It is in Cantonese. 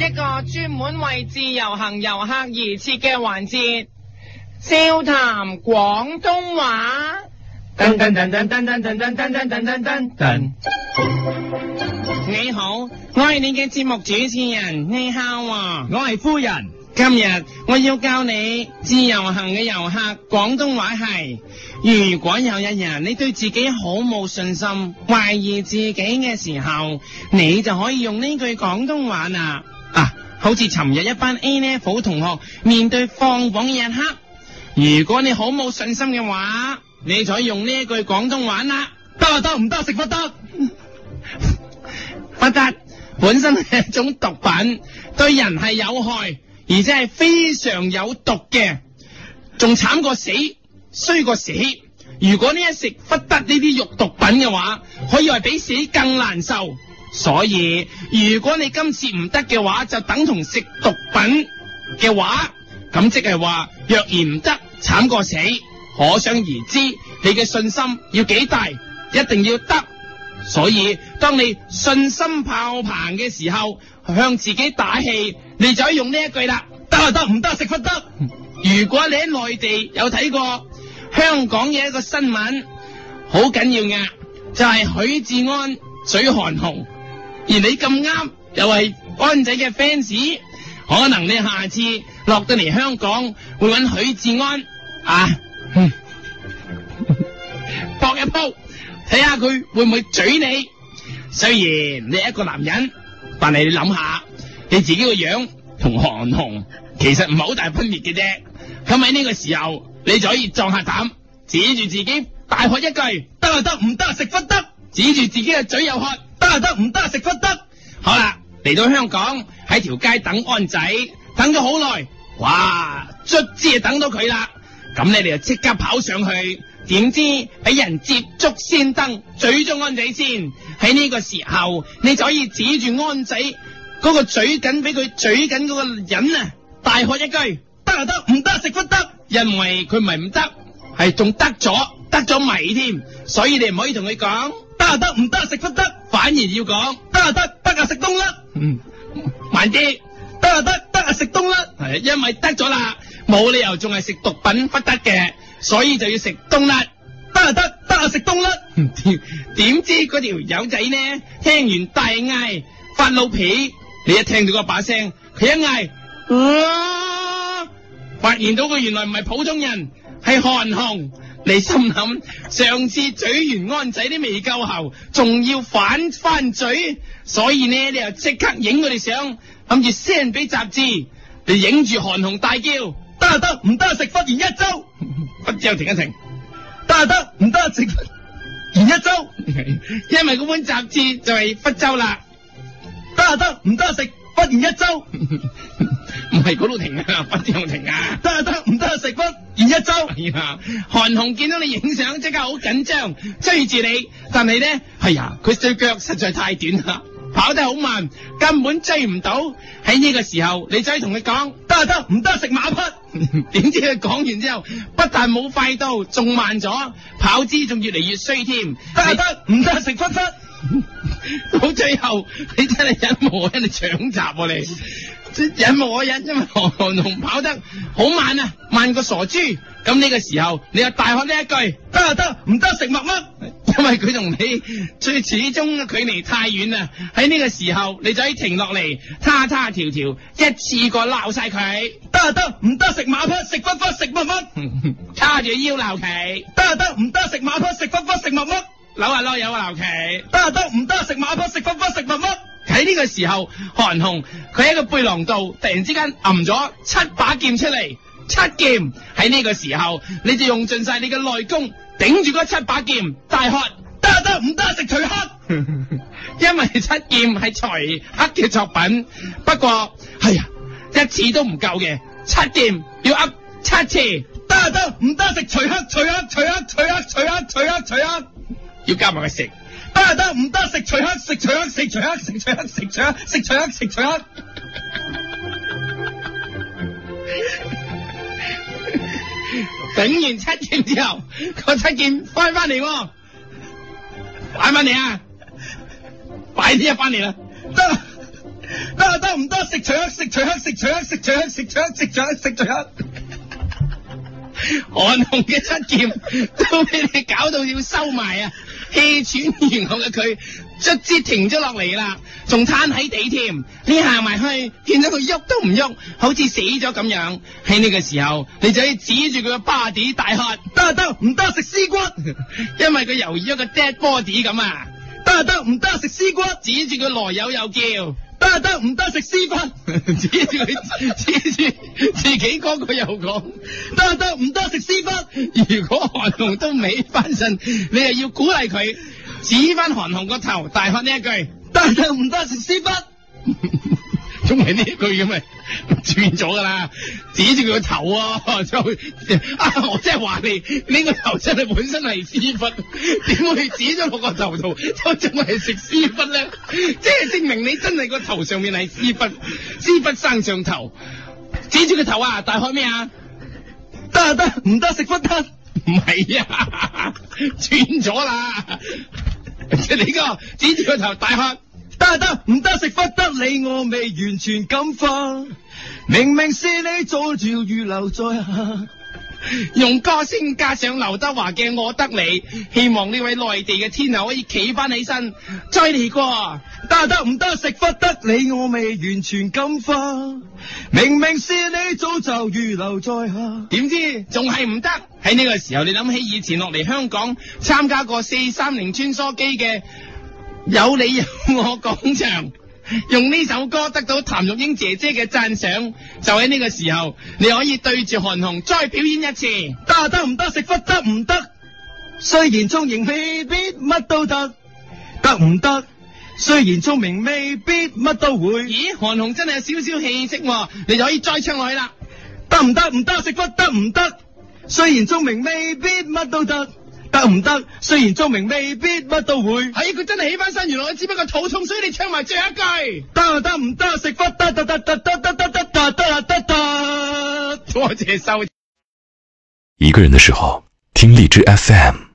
一個專門為自由行遊客而設嘅環節，笑談廣東話。你好，我係你嘅節目主持人。你好啊，我係夫人。今日我要教你自由行嘅遊客廣東話。係，如果有一日你對自己好冇信心，懷疑自己嘅時候，你就可以用呢句廣東話啊。啊！好似尋日一班 A Level 同學面對放榜嘅一刻，如果你好冇信心嘅話，你採用呢一句廣東話啦：多唔多唔多，多食不，多 不得，不得本身係一種毒品，對人係有害，而且係非常有毒嘅，仲慘過死，衰過死。如果呢一食不得呢啲肉毒品嘅話，可以話比死更難受。所以如果你今次唔得嘅話，就等同食毒品嘅話，咁即係話若然唔得，慘過死。可想而知，你嘅信心要幾大，一定要得。所以當你信心爆棚嘅時候，向自己打氣，你就可以用呢一句啦。得啊 得，唔得食翻得。 如果你喺內地有睇過香港嘅一個新聞，好緊要嘅，就係許志安水韓紅。而你咁啱又係安仔嘅 fans，可能你下次落到嚟香港會揾許志安啊，哼 搏一鋪睇下佢會唔會嘴你。雖然你係一個男人，但係你諗下你自己個樣同韓紅其實唔係好大分別嘅啫。咁喺呢個時候，你就可以壯下膽，指住自己大喝一句：得啊得唔得食不得！指住自己嘅嘴又喝。得唔得？食不得。好啦，嚟到香港喺條街等安仔，等咗好耐。哇！卒之就等到佢啦。咁你哋就即刻跑上去。點知俾人捷足先登，嘴咗安仔先。喺呢個時候，你就可以指住安仔嗰個嘴緊，俾佢嘴緊嗰個人啊，大喝一句：得又得，唔得食不得。因為佢唔係唔得，係仲得咗，得咗迷添。所以你唔可以同佢講。得唔得？食不得，反而要講得啊得，得啊食冬甩。嗯，慢啲。得啊得，得啊食冬甩。係，因為得咗啦，冇理由仲係食毒品不得嘅，所以就要食冬甩。得啊得，得啊食冬甩。唔知點知嗰條友仔呢？聽完大嗌發老脾，你一聽到嗰把聲，佢一嗌，發現到佢原來唔係普通人，係韓紅。你心諗上次嘴完安仔都未夠喉，仲要反翻嘴，所以呢，你又即刻影佢哋相，諗住 send 俾雜誌，你影住韓紅大叫，得啊得，唔得食忽然一周，忽然停一停，得啊得，唔得食，忽然一周，因為本雜誌就係忽州啦，得啊得，唔得食。然一周唔係嗰度停，停行啊，行啊，不正停啊，得啊得，唔得食骨，然一周。哎呀，韓紅見到你影相，即刻好緊張，追住你，但係咧，哎呀，佢隻腳實在太短啦，跑得好慢，根本追唔到。喺呢個時候，你仔同佢講，得啊得、啊啊，唔得、啊、食馬匹。 」點知佢講完之後，不但冇快到，仲慢咗，跑姿仲越嚟越衰添。得啊得、啊啊，唔得、啊啊、食分分。 到最後你真係忍無可忍，你搶閘喎你！忍無可忍啫嘛，黃龍跑得好慢啊，慢過傻豬。咁呢個時候你又大喝呢一句：得啊得，得，唔得食乜乜？」因為佢同你最始終嘅距離太遠啊。喺呢個時候你就可以停落嚟，叉叉條條，一次過鬧晒佢。得啊得，唔得食馬匹，食乜乜食乜乜，叉住 腰鬧佢。得啊得，唔得食馬匹，食乜乜食乜乜。扭下咯，有啊劉奇，得啊得唔得食馬匹食粉波食蜜波。喺呢個時候，韓紅佢喺個背囊度突然之間揞咗七把劍出嚟，七劍喺呢個時候，你就用盡晒你嘅內功頂住七把劍，大喝得啊得唔得食徐克？徐克 因為七劍係徐克嘅作品，不過係啊、哎、一次都唔夠嘅，七劍要揞七次，得啊得唔得食徐克徐克徐克徐。要夾埋佢食，得啊得唔得？食除黑食除黑食除黑食除黑食除黑食除黑食除黑，整完七劍之後，個七劍翻翻嚟喎，擺翻嚟啊，快啲又翻嚟啦，得啦得啊得唔得？食除黑食除黑食除黑食除黑食除黑食除黑，韓紅嘅七劍都俾你搞到要收埋啊！氣喘，然後嘅佢卒之停咗落嚟啦，仲攤喺地添。你行埋去見到佢喐都唔喐，好似死咗咁樣。喺呢個時候，你就可以指住佢嘅 body 大喝：得啊得，唔得食絲瓜！」因為佢猶豫咗個 dead body 咁啊！得啊得，唔得食絲瓜！」指住佢來友又叫。得得唔得食屎忽，黐住佢，黐 自己講句又講，得得唔得食屎忽， 如果韓紅都未翻身，你又要鼓勵佢，指翻韓紅個頭，大喊呢一句：得得唔得食屎忽。 仲係呢句咁咪轉咗噶啦，指住佢個頭啊！就啊，我即係話你你個頭真係本身係屎忽，點會指咗我個頭度？我仲係食屎忽咧，即係證明你真係個頭上面係屎忽，屎忽生上頭，指住個頭啊！大喝咩啊，啊？得啊得，唔得食不得？唔係啊，轉咗、啊啊啊啊啊啊、啦！你個 指住個頭大喝。得得唔得食忽得，你我未完全感化，明明是你早就預留在下， 用歌聲加上劉德華嘅我得你，希望呢位內地嘅天后可以企翻起身。再嚟過，得得唔得食忽得，你我未完全感化，明明是你早就預留在下，點知仲係唔得？喺呢個時候，你諗起以前落嚟香港參加過四三零穿梭機嘅。有你有我廣場，用呢首歌得到譚玉英姐姐嘅讚賞，就喺呢個時候，你可以對住韓紅再表演一次。得得唔得？食忽得唔得？雖然聰明未必乜都得，得唔得？雖然聰明未必乜都會。咦，韓紅真係有少少氣息，你就可以再唱落去啦。得唔得？唔得食忽得唔得？雖然聰明未必乜都得。得唔得？雖然聰明未必乜都會。係佢真係起翻身，原來只不過肚痛，所以你唱埋最後一句。得啊，得唔得？食翻得得得得得得得得得得得。多謝收聽。一個人嘅時候，聽荔枝 FM。